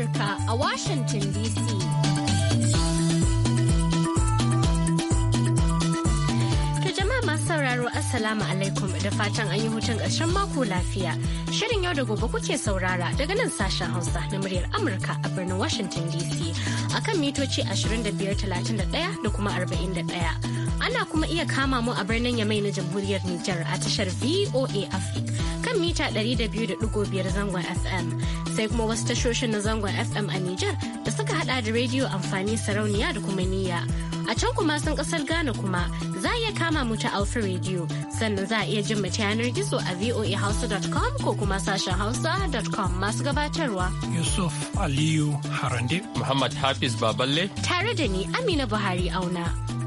Amurka a Washington DC. jama'a masu sauraro Assalamu alaikum da fatan an yi hutun ƙarshen mako lafiya. Shirin yau da gobe kuke saurara daga nan sashen Hausa na muryar Amurka a birnin Washington DC akan mitoci 2531 da kuma 41. ana kuma iya kama mu a birnin yamai na jamhuriyar Nijar a tashar VOA Africa kan mita 200.5 zangon FM sai kuma wasu tashoshin na zangon FM a Nijar da suka hada da rediyo amfani sarauniya da kuma niyya. A can kuma sun kasar Ghana kuma za a iya kama mu ta Alfa Radio sannan za a iya jin mace yanar gizo a voahausa.com ko kuma sashen hausa.com masu gabatarwa. Yusuf Aliyu Harande. Muhammad Hafiz Baballe. Tare da ni Amina Buhari Auna.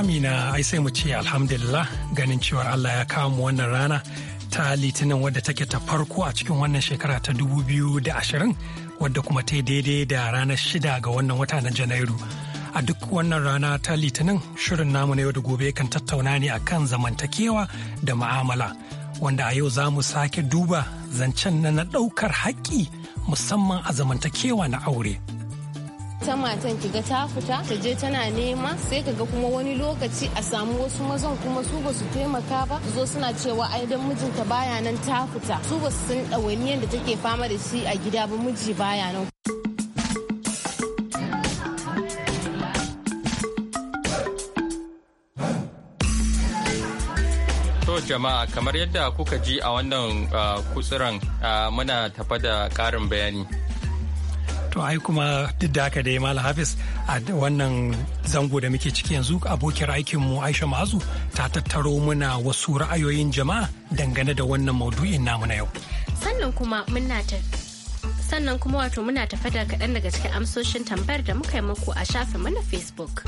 amina ai sai mu ce alhamdulillah ganin cewa Allah ya kawo mu wannan rana ta litinin wadda take ta farko a cikin wannan shekara ta 2020 wadda kuma ta daidai da ranar shida ga wannan wata na janairu a duk wannan rana ta litinin shirin namu na yau gobe kan tattauna ne a kan zamantakewa da ma'amala wanda a yau za mu sake duba zancen na na ɗaukar haƙƙi musamman a zamantakewa na aure. ta matan ki ta fita ta je tana nema sai ka ga kuma wani lokaci a samu wasu mazan kuma su ba su taimaka ba zo suna cewa ai dan mijinta baya nan ta fita su ba su san ɗawainiyar da take fama da shi a gida ba miji baya nan jama'a kamar yadda kuka ji a wannan ah, kusuran ah, muna tafa da karin bayani to ai kuma duk da haka dai malam hafiz a wannan zango da muke ciki yanzu abokiyar aikinmu aisha mazu ta tattaro muna wasu ra'ayoyin jama'a dangane da wannan maudu'in namu na yau sannan kuma muna sannan kuma wato muna tafa da kaɗan daga cikin amsoshin tambayar da muka yi muku a shafinmu na facebook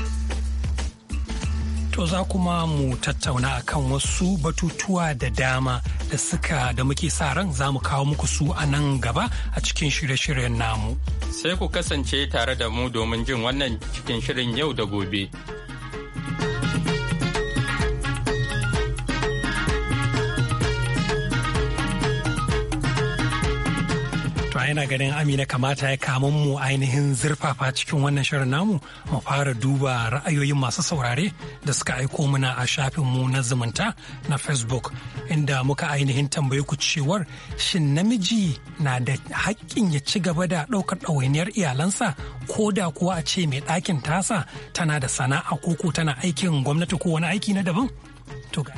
to za kuma mu tattauna akan wasu batutuwa da dama da suka da muke sa ran za mu kawo muku su a nan gaba a cikin shirye-shiryen namu. Sai ku kasance tare da mu domin jin wannan cikin shirin yau da gobe to yana ganin amina kamata ya kamun mu ainihin zurfafa cikin wannan shirin namu mu fara duba ra'ayoyin masu saurare da suka aiko muna a shafin mu na zumunta na facebook inda muka ainihin tambaye ku cewar shin namiji na da haƙƙin ya ci gaba da ɗaukar ɗawainiyar iyalansa ko da kuwa a ce mai ɗakin tasa tana da sana'a ko tana aikin gwamnati ko wani aiki na daban to ga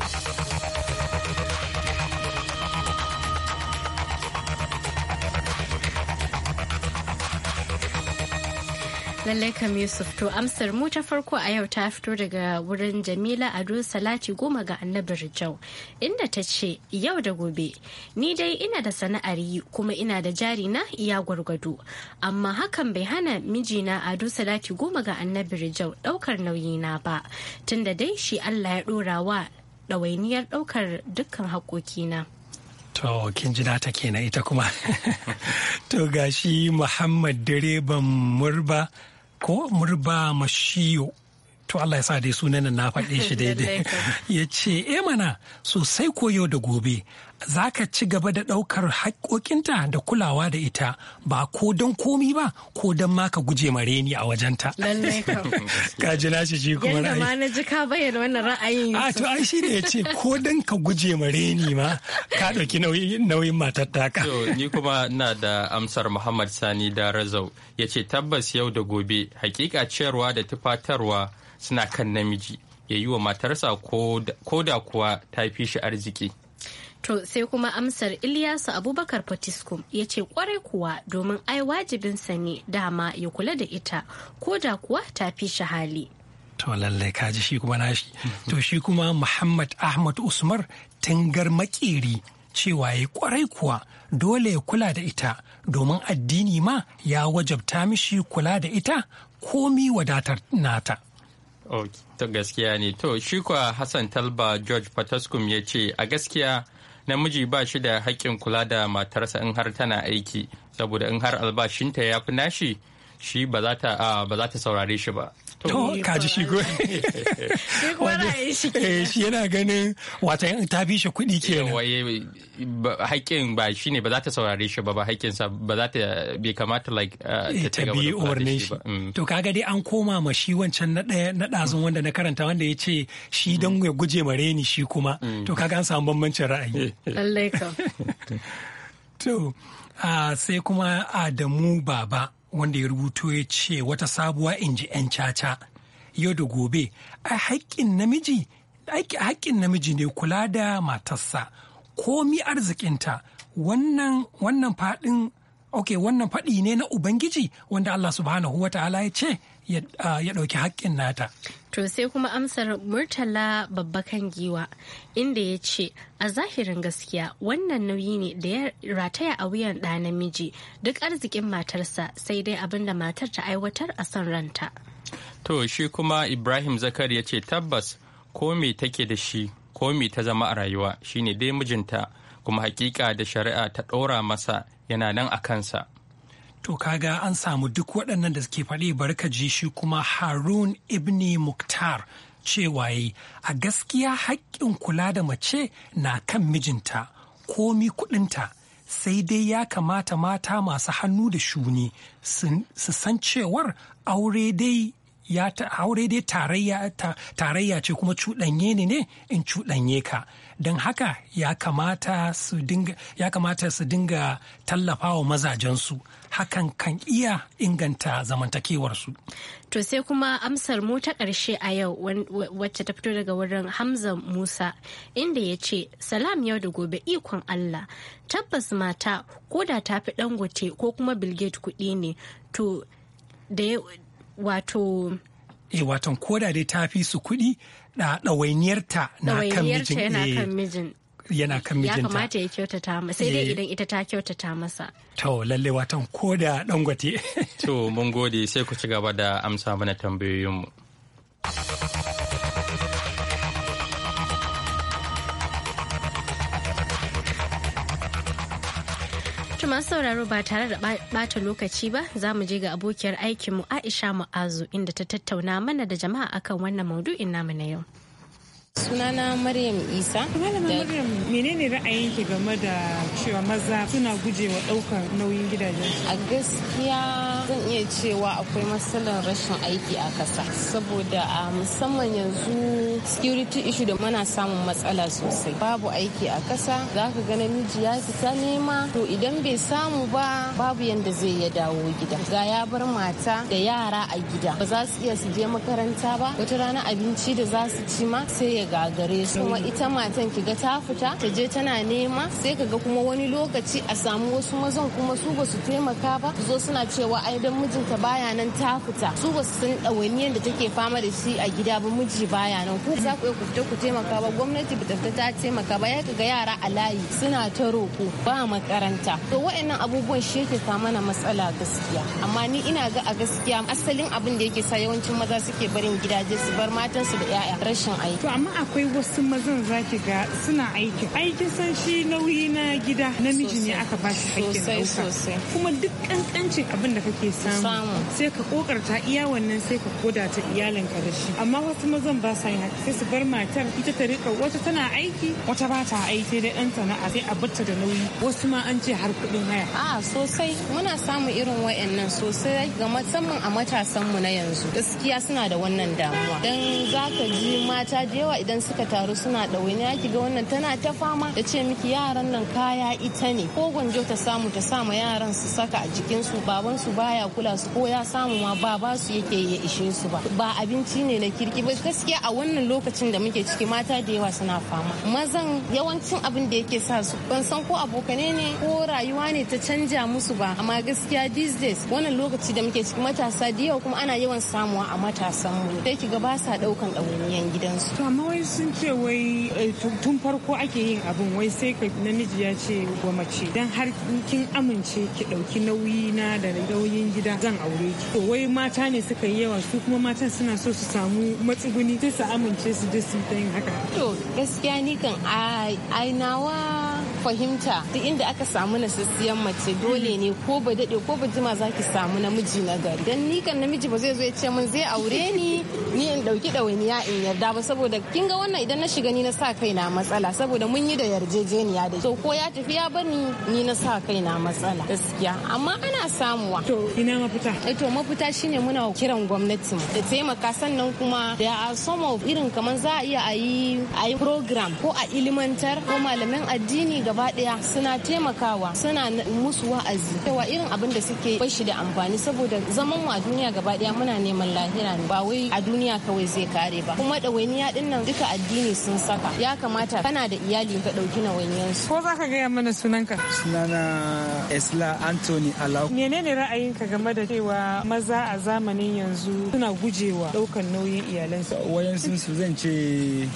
Lallai kam Yusuf to amsar mu ta farko a yau ta fito daga wurin Jamila Ado Salati goma ga Annabi Rijau inda ta ce yau da gobe ni dai ina da sana'ar yi kuma ina da jari na iya gwargwado amma hakan bai hana mijina Ado Salati goma ga Annabi Rijau daukar nauyina ba tunda dai shi Allah ya dora wa ɗawainiyar daukar dukkan haƙoƙina. To, kin ji nata kenan ita kuma. to gashi Muhammad direban murba ko murba mashiyo. To Allah ya sa dai sunan na faɗe shi daidai. ya ce, "E mana sosai koyo da gobe, za ka ci gaba da ɗaukar haƙoƙinta da kulawa da ita ba ko don komi ba ko don ma ka guje ma reni a wajenta. Lallai ka ji na shi kuma ra'ayi. Yadda ma na ji ka bayyana wannan ra'ayin. A to ai shi ne ya ce ko don ka guje ma reni ma ka ɗauki nauyin matar taka. To ni kuma ina da amsar Muhammad Sani da Razau ya ce tabbas yau da gobe hakika ciyarwa da tufatarwa suna kan namiji ya yi wa matarsa ko da kuwa ta fi shi arziki. To sai kuma amsar Ilyasu Abubakar Fatiskum ya ce kwarai kuwa domin ai wajibinsa ne dama ya kula da ita ko da kuwa ta fi shi hali. To lallai kaji shi kuma nashi. To shi kuma Muhammad Ahmad Usmar tangar makeri cewa ya kwarai kuwa dole ya kula da ita domin addini ma ya wajabta mishi kula da ita komi wadatar nata. to gaskiya ne to shi kuwa Hassan Talba George Fataskum ya ce a gaskiya namiji ba shi da haƙƙin kula da matarsa in har tana aiki saboda in har albashinta ya fi nashi shi ba za ta saurare shi ba to kaji shi ko eh, shi yana ganin wata ta fi shi kuɗi ke haƙƙin ba shi ne ba za ta saurare shi ba ba haƙƙinsa ba za ta bai kamata like uh, ta eh, bi umarnin shi mm. to kaga dai an koma ma shi wancan na ɗaya na ɗazun wanda na karanta wanda ya ce shi don ya guje ma reni shi kuma mm. to kaga an samu bambancin ra'ayi eh. lallai ka to ah, sai kuma Adamu Baba wanda ya rubuto ya ce wata sabuwa in ji 'yan caca yau da gobe a haƙƙin namiji haƙƙin namiji ne kula da matarsa komi arzikinta wannan wannan faɗin ok wannan faɗi ne na ubangiji wanda allah subhanahu wa ta'ala ya ce ya ɗauki haƙƙin nata To sai kuma amsar Murtala babba kan giwa inda ya ce a zahirin gaskiya wannan nauyi ne da ya rataya a wuyan ɗa namiji duk arzikin matarsa sai dai abin da matar ta aiwatar a son ranta. To shi kuma Ibrahim Zakar ya ce tabbas ko me take da shi ko me ta zama a rayuwa shine dai mijinta kuma hakika da shari'a ta ɗora masa yana nan a kansa. To kaga an samu duk waɗannan da suke faɗi bari ka ji shi kuma Harun Ibni mukhtar cewa yi a gaskiya haƙƙin kula da mace na kan mijinta komi kuɗinta sai dai ya kamata mata masu hannu da shuni su san cewar aure dai ya ta aure dai tarayya ce kuma cuɗanye ne ne in cuɗanye ka don haka ya kamata su dinga tallafa wa mazajensu hakan kan iya inganta zamantakewarsu. To sai kuma amsar mu ta ƙarshe a yau wacce ta fito daga wurin Hamza Musa inda ya ce salam yau da gobe ikon Allah tabbas mata ko da ta fi dangote ko kuma bilget kuɗi ne to wato e watan koda dai ta fi su kuɗi da ɗawainiyarta na kan eh, mijin yana kan mijin mijinta ya kamata ya kyautata masa sai dai eh. idan ita ta kyautata masa to lalle watan koda dangote to mun gode sai ku ci gaba da amsa mana tambayoyinmu Wato masu sauraro ba tare da bata lokaci ba za mu je ga abokiyar aikinmu Aisha Mu'azu inda ta tattauna mana da jama'a akan wannan maudu'in namu na yau. Sunana Maryam Isa. Menene Maryam menene ra'ayinki game da cewa maza suna gujewa ɗaukar nauyin gidajen? A gaskiya zan iya cewa akwai matsalar rashin aiki a ƙasa. Saboda a musamman yanzu security issue da mana samun matsala sosai. Babu aiki a ƙasa za ka ga namiji ya fita nema to idan bai samu ba babu yadda zai ya dawo gida. Ga ya bar mata da yara a gida ba za su iya su je makaranta ba wata rana abinci da za su ci ma sai ya gagare su kuma ita matan ki ta fita ta je tana nema sai kaga kuma wani lokaci a samu wasu mazan kuma su ba su taimaka ba su zo suna cewa ai dan mijinta baya nan ta fita su ba su san ɗawainiyar da take fama da shi a gida ba miji baya nan ku za ku ku fita ku taimaka ba gwamnati ba ta ta taimaka ba ya kaga yara a layi suna ta roko ba makaranta to wa'annan abubuwan shi yake kama na matsala gaskiya amma ni ina ga a gaskiya asalin abin da yake sa yawancin maza suke barin gidaje su bar matansu da yaya rashin aiki amma akwai wasu mazan za ki ga suna aiki aikin san shi nauyi na gida namiji ne aka ba shi aikin ɗauka kuma duk kankancin abin da kake samu sai ka kokarta iya wannan sai ka koda ta ka da shi amma wasu mazan ba sa yin sai su bar matar ita ta rika wata tana aiki wata ba ta aiki dai ɗan sana'a sai a bata da nauyi wasu ma an ce har kuɗin haya a sosai muna samun irin wayannan sosai ga musamman a matasanmu na yanzu gaskiya suna da wannan damuwa dan zaka ji mata da yawa idan suka taru suna ne ki ga wannan tana ta fama da ce miki yaran nan kaya ita ne ko gwanjo ta samu ta sama yaran su saka a jikin su su babansu baya kula su ko ya samu ma ba ba su yake ya ishe su ba ba abinci ne na kirki ba gaskiya a wannan lokacin da muke ciki mata da yawa suna fama mazan yawancin abin da yake sa su ban san ko abokane ne ko rayuwa ne ta canja musu ba amma gaskiya these days wannan lokaci da muke ciki matasa da yawa kuma ana yawan samuwa a matasan mu sai ki ga ba sa daukan ɗawainiyan gidansu to amma wai sun ce wai eh, tun farko ake yin abin wai sai ka namiji ya ce wa mace dan har kin amince ki dauki nauyi na da nauyin gida zan aure ki to wai mata ne suka yi yawa su kuma matan suna so su samu matsuguni sai su amince su je su yi haka to gaskiya ni kan ai nawa fahimta da inda aka samu nasassiyan mace dole ne ko ba dade ko ba jima za ki samu namiji na gari dan nikan kan namiji ba zai zo ya ce min zai aure ni ni in dauki dawainiya in yarda ba saboda kin ga wannan idan na shiga ni na sa kai na matsala saboda mun yi da yarjejeniya da to ko ya tafi ya bani ni na sa kai na matsala gaskiya amma ana samuwa to ina mafita eh to mafita shine muna kiran gwamnati da taimaka sannan kuma da a some irin kaman za a iya a yi program ko a ilimantar ko malamin addini ga gaba daya suna taimakawa suna musu wa'azi cewa irin abin da suke bashi da amfani saboda zaman mu a duniya gaba daya muna neman lahira ne ba wai a duniya kawai zai kare ba kuma ɗawainiya din nan duka addini sun saka ya kamata kana da iyali ka ɗauki ɗawainiyan su. Ko za ka gaya mana sunanka? Sunana Esla Anthony Alau. Menene ra'ayinka game da cewa maza a zamanin yanzu suna gujewa ɗaukan nauyin iyalansu? Wayan sun su zan ce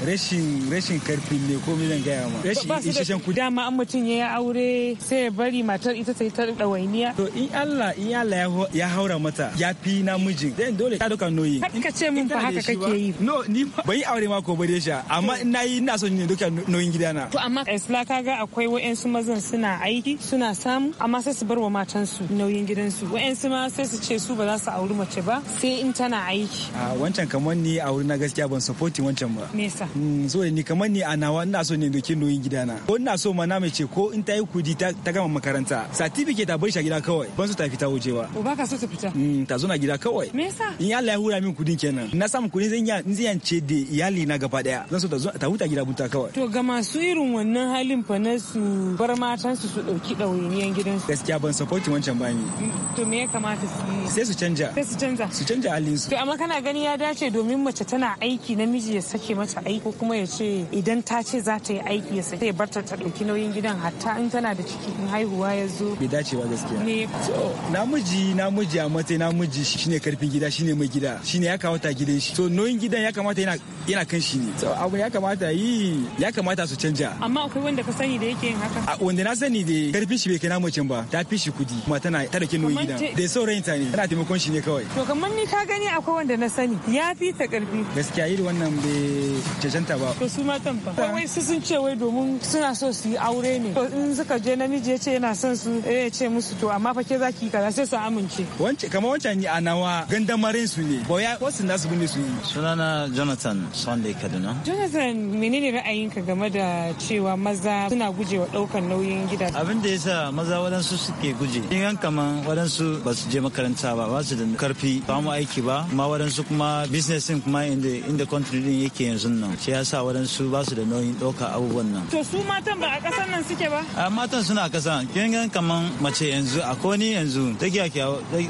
rashin rashin karfi ne ko zan gaya ma. Rashin isheshen kudi. Dama amma in mutum ya yi aure sai ya bari matar ita sai ta ɗawainiya. To in Allah in Allah ya haura mata ya fi namijin zai dole ta doka noyi. Haka ce mun fa haka kake yi. No ni bai aure ma ko ba dai sha amma in na yi ina son ne doka noyin gidana. To amma Isla ga akwai wa'ensu mazan suna aiki suna samu amma sai su bar wa matansu nauyin gidansu wa'ensu ma sai su ce su ba za su auri mace ba sai in tana aiki. A wancan kamar ni a wurin na gaskiya ban supporting wancan ba. Nesa. Mm, so ni kamar ni a nawa ina so ne doki noyin gidana. Ko ina so ma na na mai ce ko in ta yi kudi ta gama makaranta certificate ta bar shi a gida kawai ban su ta fita waje ba ba ka so ta fita mm, ta zo na gida kawai me yasa in Allah ya hura min kudin kenan na samu kudin zan yi zan ce da iyali na gaba daya zan so ta zo ta huta gida buta kawai to ga masu irin wannan halin fa na su bar matan su su dauki dawainiyan gidan su gaskiya ban support wancan bani mm, to me ya kamata su sai su canja sai su canja su canja halin su to amma kana gani ya dace domin mace tana aiki namiji ya sake mata aiki ko kuma ya ce idan ta ce za ta yi aiki ya sake barta ta dauki nauyi nauyin gidan hatta in tana da ciki in haihuwa ya zo bai dace ba gaskiya ne so namiji namiji a matsayin namiji shine karfin gida shine mai gida shine ya kamata gidan shi To noyin gidan ya kamata yana yana kan shi ne To abu ya kamata yi ya kamata su canja amma akwai wanda ka sani da yake yin haka a wanda na sani da karfin shi bai kai namijin ba ta fi shi kudi kuma tana tana kin noyin gidan da saurayin ta ne tana taimakon shi ne kawai to kamar ni ka gani akwai wanda na sani ya fi ta karfi gaskiya iri wannan bai cancanta ba to su matan fa wai su sun ce wai domin suna so su yi aure aure ne to in suka je namiji ya ce yana son su eh, ya ce musu to amma fa ke zaki kaza sai su amince wance kamar wancan ni a nawa gandamarin su ne ba ya wasu nasu bane su sunana Jonathan Sunday Kaduna Jonathan menene ra'ayinka game da cewa maza suna gujewa daukar nauyin gida abin da yasa maza wadansu suke guje in an kaman wadansu ba su je makaranta ba ba su da karfi ba mu aiki ba kuma wadansu kuma business din kuma inda inda country din yake yanzu nan shi yasa wadansu ba su da nauyin dauka abubuwan nan to su matan ba a kasar. matan nan suke ba a ah, matan suna kasa kin gan kaman mace yanzu a ni yanzu ta giya ki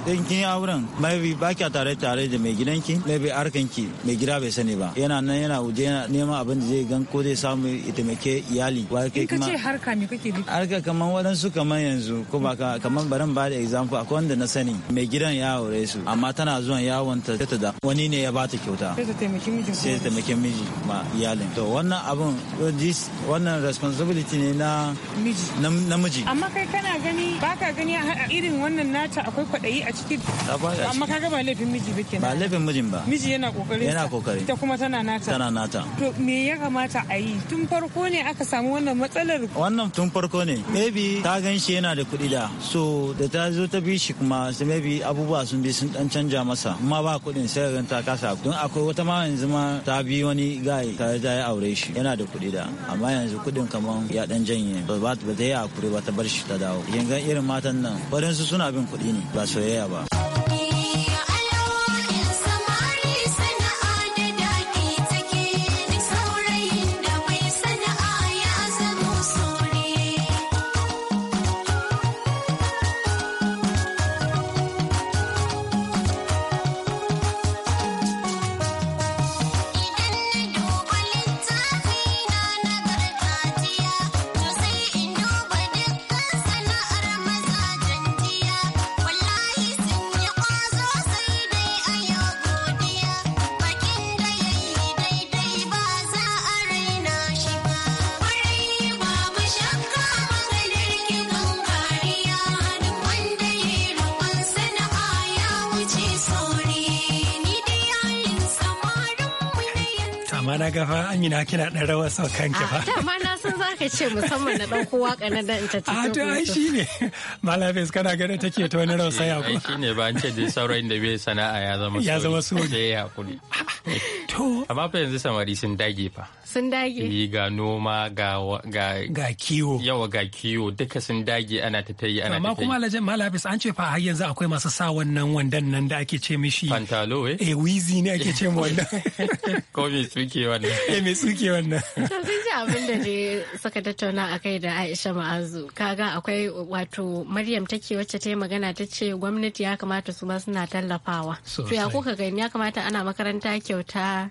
dan kin auren bi ba ki tare tare da mai gidanki maybe harkan ki mai gida bai sani ba yana nan yana uje yana neman abin da zai gan ko zai samu ya taimake iyali wa kai kuma kace harka me kake nufi harka kaman wadansu kaman yanzu ko ba ka kaman baran ba da example akwai wanda na sani mai gidan ya aure su amma tana zuwa yawon ta ta da wani ne ya bata kyauta sai ta taimake miji sai ta taimake miji ma iyalin to wannan abun this wannan responsibility ne na na miji. amma kai kana gani ba ka gani a irin wannan nata akwai kwadayi a cikin amma ka ga ba laifin miji ba ba laifin mijin ba miji yana kokari yana kokari ita kuma tana nata tana nata to me ya kamata a yi tun farko ne aka samu wannan matsalar wannan tun farko ne maybe ta gan shi yana da kuɗi da so da ta zo ta bi shi kuma sai maybe abubuwa sun bi sun dan canja masa amma ba kuɗin sai ga ta kasa don akwai wata ma yanzu ma ta bi wani gai ta ya aure shi yana da kuɗi da amma yanzu kuɗin kaman ya dan janye ba ta yi hakuri ba ta bar shi ta dawo yanzu irin matan nan su suna bin kuɗi ne ba soyayya ba Amina kina dan rawar kan kanki ba. Ta ma na san zaka ce musamman na dan kowa kana ta cikin ta. A aishi ne malam fes kana ganin take ta wani rausaya aishi ne ba an ce da saurayin da bai sana'a ya zama. Ya zama so. Ya To. Amma fa yanzu samari sun dage fa. Sun dage. Eh, ga noma ga ga ga kiwo. Yawa ga kiwo duka sun dage ana ta tayi ana ta Amma kuma Alhaji Malabis an ce fa har yanzu akwai masu sa wannan wandan nan da ake ce mishi. Pantalo eh. Eh wizi ne ake ce wannan. Ko me suke wannan. Eh me suke wannan. To sun ji abin da ne suka tattauna akai da Aisha Ma'azu. Kaga akwai wato Maryam take wacce ta yi magana ta ce gwamnati ya kamata su ma suna tallafawa. To ya kuka gani ya kamata ana makaranta kyauta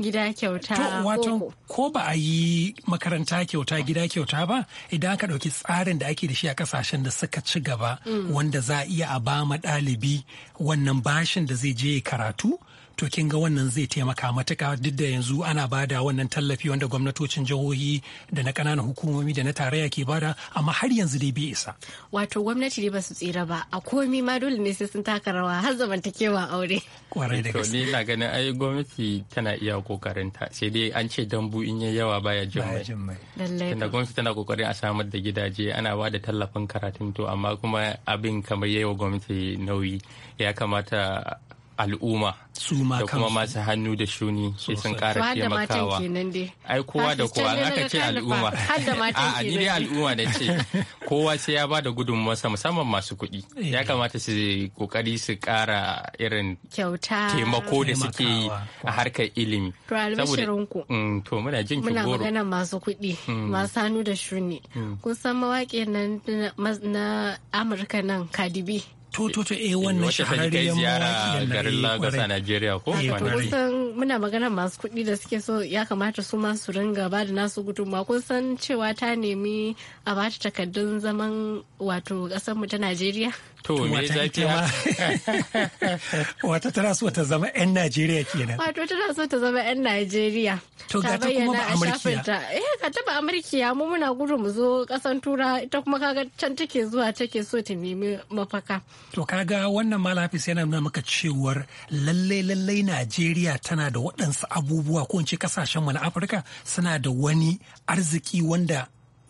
gida kyauta to wato ko ba a yi makaranta kyauta gida kyauta ba idan aka ɗauki tsarin da ake da shi a kasashen da suka ci gaba mm. wanda za a iya a ba ma ɗalibi wannan bashin da zai je karatu to kin ga wannan zai taimaka matuka duk da yanzu ana bada wannan tallafi wanda gwamnatocin jihohi da na ƙananan hukumomi da na tarayya ke bada amma har yanzu dai bai isa wato gwamnati dai ba su tsira ba a komi ma dole ne sai sun taka rawa har zamantakewa aure kwarai da gaske ni na ganin ai gwamnati tana iya kokarin ta sai dai an ce dambu in yayi yawa baya jin mai tunda gwamnati tana kokarin a samar da gidaje ana ba da tallafin karatun to amma kuma abin kamar yayi gwamnati nauyi ya kamata al'umma da kuma masu hannu da shuni sai sun kara taimakawa ai kowa da kowa aka ce al'umma a ni dai al'umma da ce kowa sai ya bada gudunmuwarsa musamman masu kuɗi ya eh. kamata su kokari su kara irin taimako da suke yi a harkar ilimi saboda mm, to muna jin muna magana masu kuɗi mm. masu hannu da shuni mm. kun san mawaƙi na Amurka nan Cardi B to to to eh wannan shahararren mawaki garin Lagos a Najeriya ko eh, eh, kusan muna magana masu kuɗi da suke so ya kamata su masu ringa ba da nasu gudun kun san cewa ta nemi a ba ta takardun zaman wato kasar ta Najeriya To me ma? Wata tana so ta zama 'yan Najeriya kenan. Wato tana so ta zama 'yan Najeriya. To ga ta kuma ba Amurkiya. Eh ga ta ba Amurkiya mu muna gudu mu zo kasan Tura ita kuma kaga can take zuwa take so ta nemi mafaka. To kaga wannan malafis yana nuna maka cewar lalle lalle Najeriya tana da waɗansu abubuwa ko in ce kasashen mu na Afirka suna da wani arziki wanda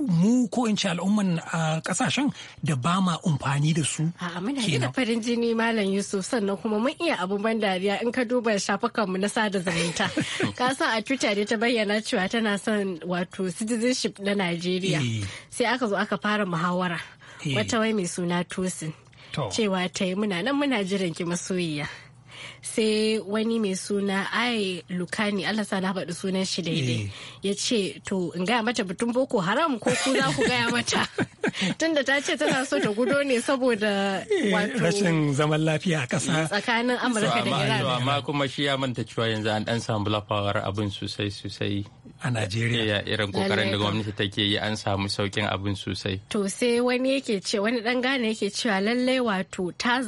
mu ko in ce al'umman kasashen da ba ma amfani da su kenan. muna farin jini malam yusuf sannan kuma mun iya abu ban dariya in ka duba shafukan mu na sada zumunta ka sa a twitter da ta bayyana cewa tana son wato citizenship na najeriya eh. sai aka zo aka fara muhawara eh. wata wai mai suna tosin cewa ta yi muna nan muna jiran ki masoyiya sai wani mai suna ai lukani allah sa na faɗi sunan shi daidai eh. ya ce to in gaya mata batun boko haram ko ku za ku gaya mata tunda ta ce tana so ta gudo ne saboda eh, rashin zaman lafiya a ƙasa tsakanin amurka da iran amma kuma shi ya manta cewa yanzu an dan samu lafawar abin sosai sosai a najeriya irin kokarin da gwamnati take yi an samu saukin abin sosai to sai wani yake ce wani dan gane yake cewa lallai wato ta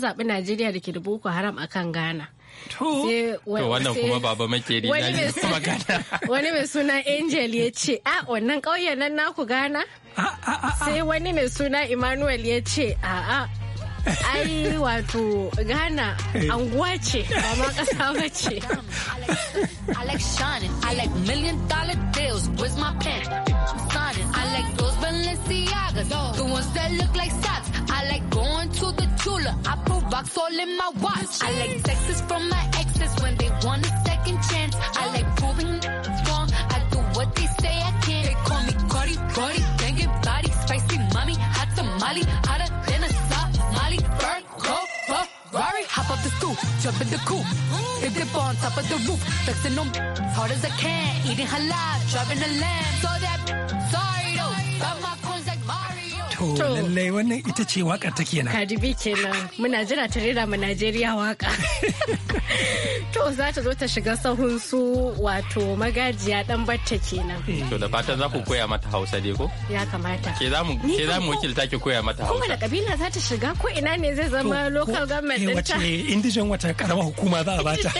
zaɓi najeriya da ke da boko haram ghana wannan kuma baba makeri Wani mai suna Angel ya ce, "A wannan ƙauyen nan naku gana?" Sai wani mai suna Emmanuel ya ce, ai wato eh. anguwa ce, ba ma ƙasa ba ce." I like shining, I like million dollar deals, where's my pen? I'm signing, I like those Balenciagas, the ones that look like socks. I like going to the Tula, I box all in my watch. I like sexes from my exes when they want a second chance. I like proving wrong. I do what they say I can. They call me Cardi, Cardi, banging body, spicy mommy, hot tamale, hotter than a Somali. Bird, go, Ferrari, hop off the stoop, jump in the coupe, hip dip on top of the roof, flexing on as hard as I can, eating halal, driving a lamb, so that sorry though, got my To lallai wannan ita ce wakar ta kenan. Kadibi kenan muna jira ta rera ma Najeriya waka. To za ta zo ta shiga sahun su wato magajiya dan batta kenan. Eh. To da fatan za ku koya mata Hausa dai ko? Ya kamata. Ke za mu ke za mu wakilta ki koya mata Hausa. Kuma da kabila za ta shiga ko ina ne zai zama local government din eh, ta. Wace indigen wata karama hukuma za a bata.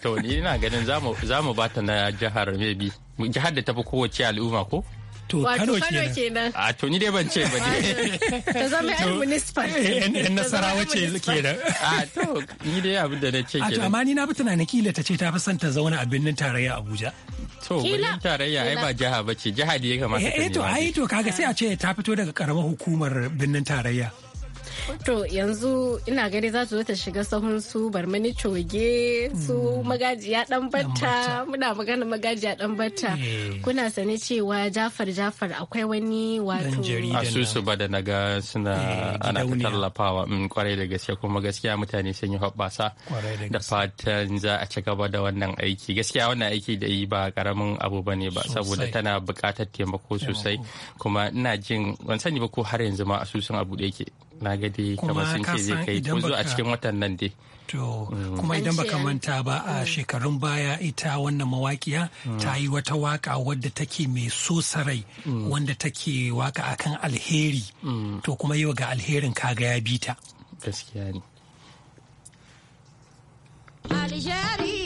To ni ina ganin za mu za mu bata na jihar Mebi. Jihar da ta fi kowace al'umma ko? To Kano kenan. A to ni dai ban ce ba ne. Ta zama yan municipal. Yan nasarawa ce kenan. A to ni dai abin da na ce kenan. A to amma ni na bi tunanin kila ta ce ta fi son ta zauna a birnin tarayya Abuja. To birnin tarayya ai ba jiha ba ce jiha da ya kamata eh, ta nema. Eh to ai to kaga sai a ce ta fito daga karamar hukumar birnin tarayya. To yanzu ina gani za zo ta shiga sahun su barmani coge su mm. magajiya dan batta muna magana magajiya dan batta eh. kuna sani cewa Jafar Jafar akwai wani wato asusu ba da naga suna eh, ana tallafawa mm, kwarai da gaske kuma gaskiya mutane sun yi hoɓɓasa da fatan za a ci gaba da wannan aiki gaskiya wannan aiki da yi ba karamin abu bane ne ba saboda tana buƙatar taimako sosai kuma ina jin ban sani ba ko har yanzu ma asusun abu da yake na gadi kamar sun ce zai kai ko zuwa a cikin watan nan dai to mm. kuma idan baka manta ba a mm. shekarun baya ita wannan mawakiya mm. ta yi wata waka wadda take mai so sarai wanda take waka akan alheri to kuma yau ga alherin kaga ya bita gaskiya ne Alheri.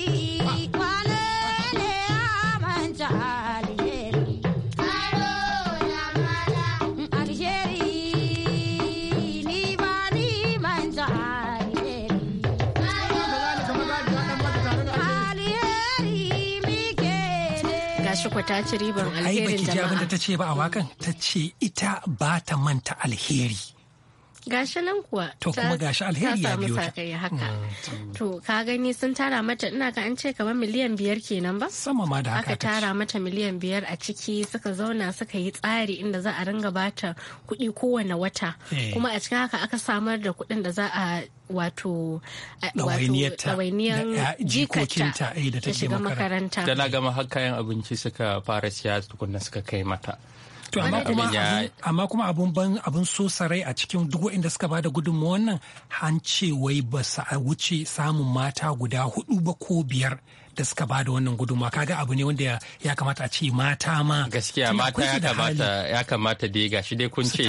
kwa ta ci riban alherin jama'a. Ai baki ji abin da ta ce ba a wakan ta ce ita ba ta manta alheri. gashi nan kuwa to kuma gashi alheri ya biyo ta haka mm, to ka gani sun tara mata ina ka an ce kamar miliyan biyar kenan ba sama ma da haka aka tara mata miliyan biyar a ciki suka zauna suka yi tsari inda za a ringa bata kuɗi kowane wata eh. kuma a cikin haka aka samar da kuɗin da za a wato ɗawainiyar eh, jikokinta eh, da take makaranta da na gama har kayan abinci suka fara siya tukunna suka kai mata To amma kuma abun ban abun so sarai a cikin duk waɗanda suka bada gudunmu wannan an ce wai ba su wuce samun mata guda hudu ba ko biyar da suka bada wannan gudunmawa kaga abu ne wanda ya kamata a ce mata ma gaskiya mata ya kamata ya kamata dai gashi dai kun ce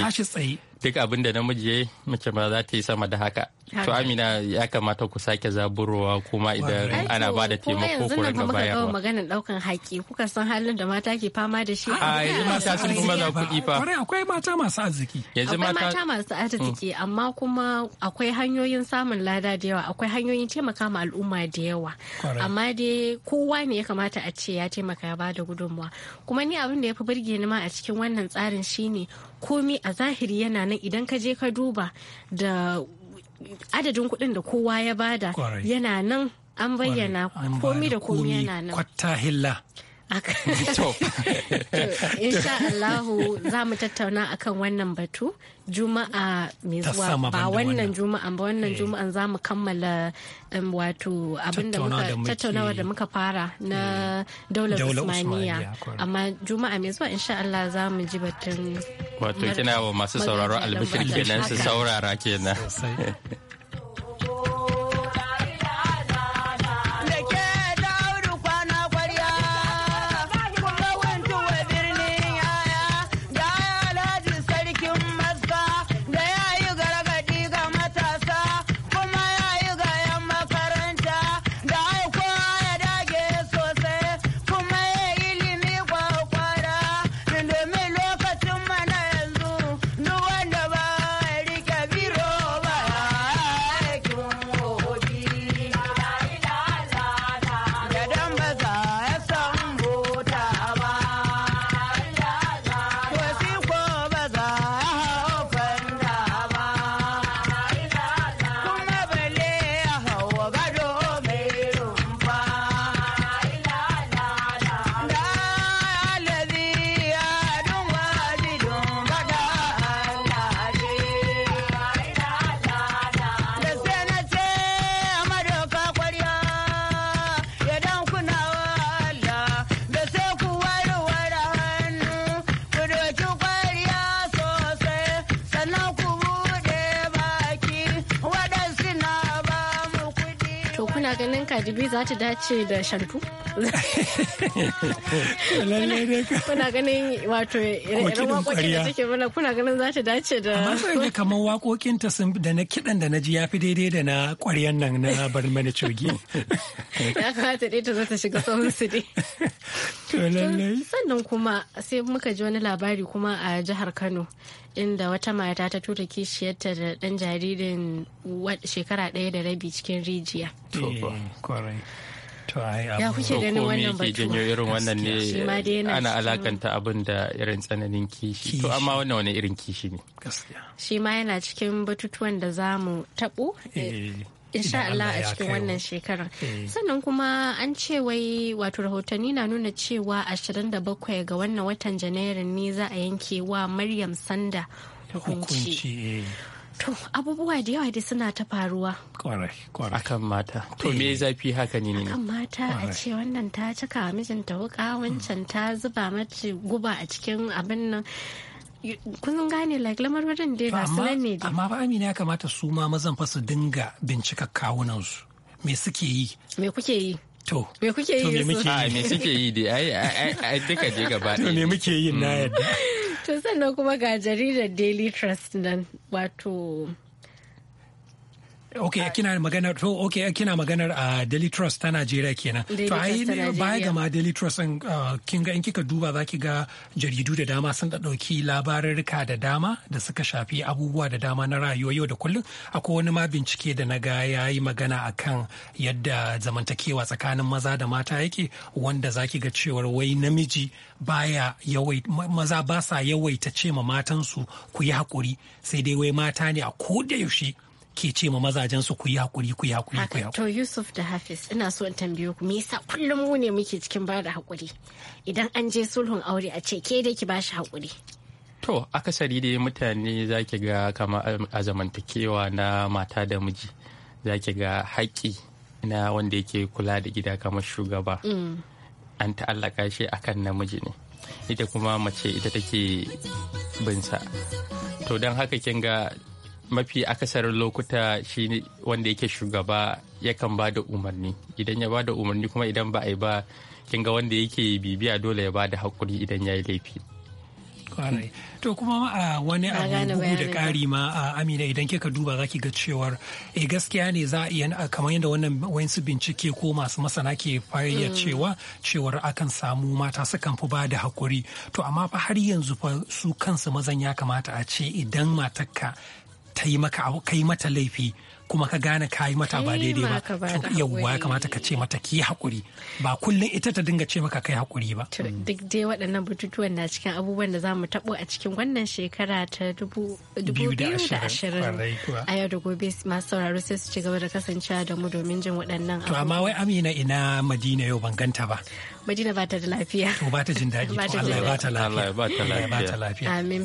duk abin da namiji ya mace ma za ta yi sama da haka to amina ya kamata ku sake zaburowa kuma idan ana ba da taimako ku rinka bayarwa maganar daukan haƙi kuka san halin da mata ke fama da shi a yanzu mata sun kuma za kuɗi fa akwai mata masu arziki yanzu mata masu arziki mm. amma kuma akwai hanyoyin samun lada da yawa akwai hanyoyin taimaka ma al'umma da yawa amma dai kowa ne ya kamata a ce ya taimaka ya bada gudunmawa kuma ni abin da ya fi burge ni ma a cikin wannan tsarin shine komi a zahiri yana nan sannan idan ka je ka duba da adadin kuɗin da kowa ya bada yana nan an bayyana komi da komi yana nan insha Allahu za mu tattauna akan wannan batu juma'a mai zuwa ba wannan juma'a ba wannan juma'an za mu kammala um, wato abinda tattaunawa da muka fara na eh. daular usmaniya amma juma'a mai zuwa insha Allah za mu ji batun wato kina wa masu sauraro albishir kenan su saurara kenan kuna ganin kadibi za ta dace da shantu kuna ganin wato irin waƙoƙin da take mana kuna ganin za ta dace da amma sai da kamar waƙoƙin ta sun da na kiɗan da na ji ya fi daidai da na ƙwaryan nan na bar mana cogi ya kamata dai ta zo ta shiga tsohon su dai sannan kuma sai muka ji wani labari kuma a jihar Kano inda wata mata ta tura kishiyarta da ɗan jaririn shekara ɗaya da rabi cikin rijiya. Eh, ya kuke ganin wannan batu janyo irin wannan ne ana alakanta abin da irin tsananin kishi to amma wannan wani irin kishi ne shi ma yana cikin batutuwan da za mu taɓo eh, eh. insha Allah a cikin wannan shekarar eh. sannan kuma an ce wai wato rahotanni na nuna cewa 27 ga wannan watan janairun ne za a yanke wa Maryam Sanda hukunci eh. To abubuwa da yawa da suna ta faruwa. Kwarai, Akan mata. To eh. me zafi haka ne ne? Akan mata a ce wannan ta cika mijinta wuka wancan ta zuba mata guba a cikin abin nan. kun gane like lamarin dai ga sunan ne dai amma ba amina ya kamata su ma mazan fa su dinga bincika kawunan su me suke yi me kuke yi to me kuke yi me suke yi dai ai ai duka je gaba to me muke yi na mm. yadda to sannan kuma ga jaridar daily trust nan wato okay kina maganar to okay kina maganar a uh, Daily Trust ta Najeriya kenan to ai baya ga ma Daily Trust din uh, kin ga in kika duba zaki ga jaridu da dama sun da dauki labarurka da dama da suka shafi abubuwa da dama na rayuwa yau da kullum akwai wani ma bincike da na ga yayi magana akan yadda zamantakewa tsakanin maza da mata yake wanda zaki ga cewar wai namiji baya yawai maza ba sa yawaita ce ma matansu ku yi hakuri sai dai wai mata ne a koda yaushe ke ce ma mazajen su ku yi hakuri ku yi hakuri ku yi to Yusuf da Hafiz ina so in tambaye ku me yasa kullum mu ne muke cikin ba da hakuri idan an je sulhun aure a ce ke dai ki ba shi hakuri to akasari dai mutane zaki ga kama a zamantakewa na mata da miji zaki ga haƙƙi na wanda yake kula da gida kamar shugaba mm. an ta'allaka shi akan namiji ne ita kuma mace ita take binsa to don haka kin ga mafi akasarin lokuta shi wanda yake shugaba yakan ba da umarni idan ya ba da umarni kuma idan ba a yi ba kin ga wanda yake bibiya dole ya ba da haƙuri idan ya yi laifi to kuma a wani abu da ƙari ma a amina idan kika duba za ga cewar e gaskiya ne za a iya kamar yadda wannan wayansu bincike ko masu masana ke fayyar cewa cewar akan samu mata sukan fi ba da hakuri to amma fa har yanzu fa su kansu mazan ya kamata a ce idan matarka ta yi maka abu kai mata laifi kuma ka gane ka yi mata ba daidai ba to yawwa ya kamata ka ce mata ki hakuri ba kullum ita ta dinga ce maka kai hakuri ba duk dai waɗannan bututuwan na cikin abubuwan da zamu tabo a cikin wannan shekara ta 2020 a yau da gobe masu sauraro sai su ci gaba da kasancewa da mu domin jin waɗannan to amma wai Amina ina Madina yau ban ganta ba Madina ba ta da lafiya to ba ta jin daɗi to Allah ya ba ta lafiya Allah ya ba ta lafiya amin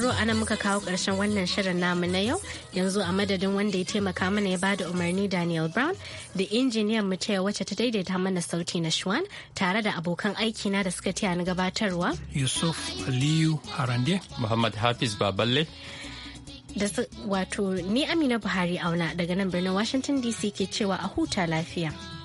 sauraro ana muka kawo ƙarshen wannan shirin namu na yau yanzu a madadin wanda ya taimaka mana ya bada umarni Daniel Brown da injiniyan mu taya wacce ta daidaita mana sauti na shuan tare da abokan aiki na da suka taya ni gabatarwa. Yusuf Aliyu Harande. Muhammad Hafiz Baballe. Da wato ni Amina Buhari auna daga nan birnin Washington DC ke cewa a huta lafiya.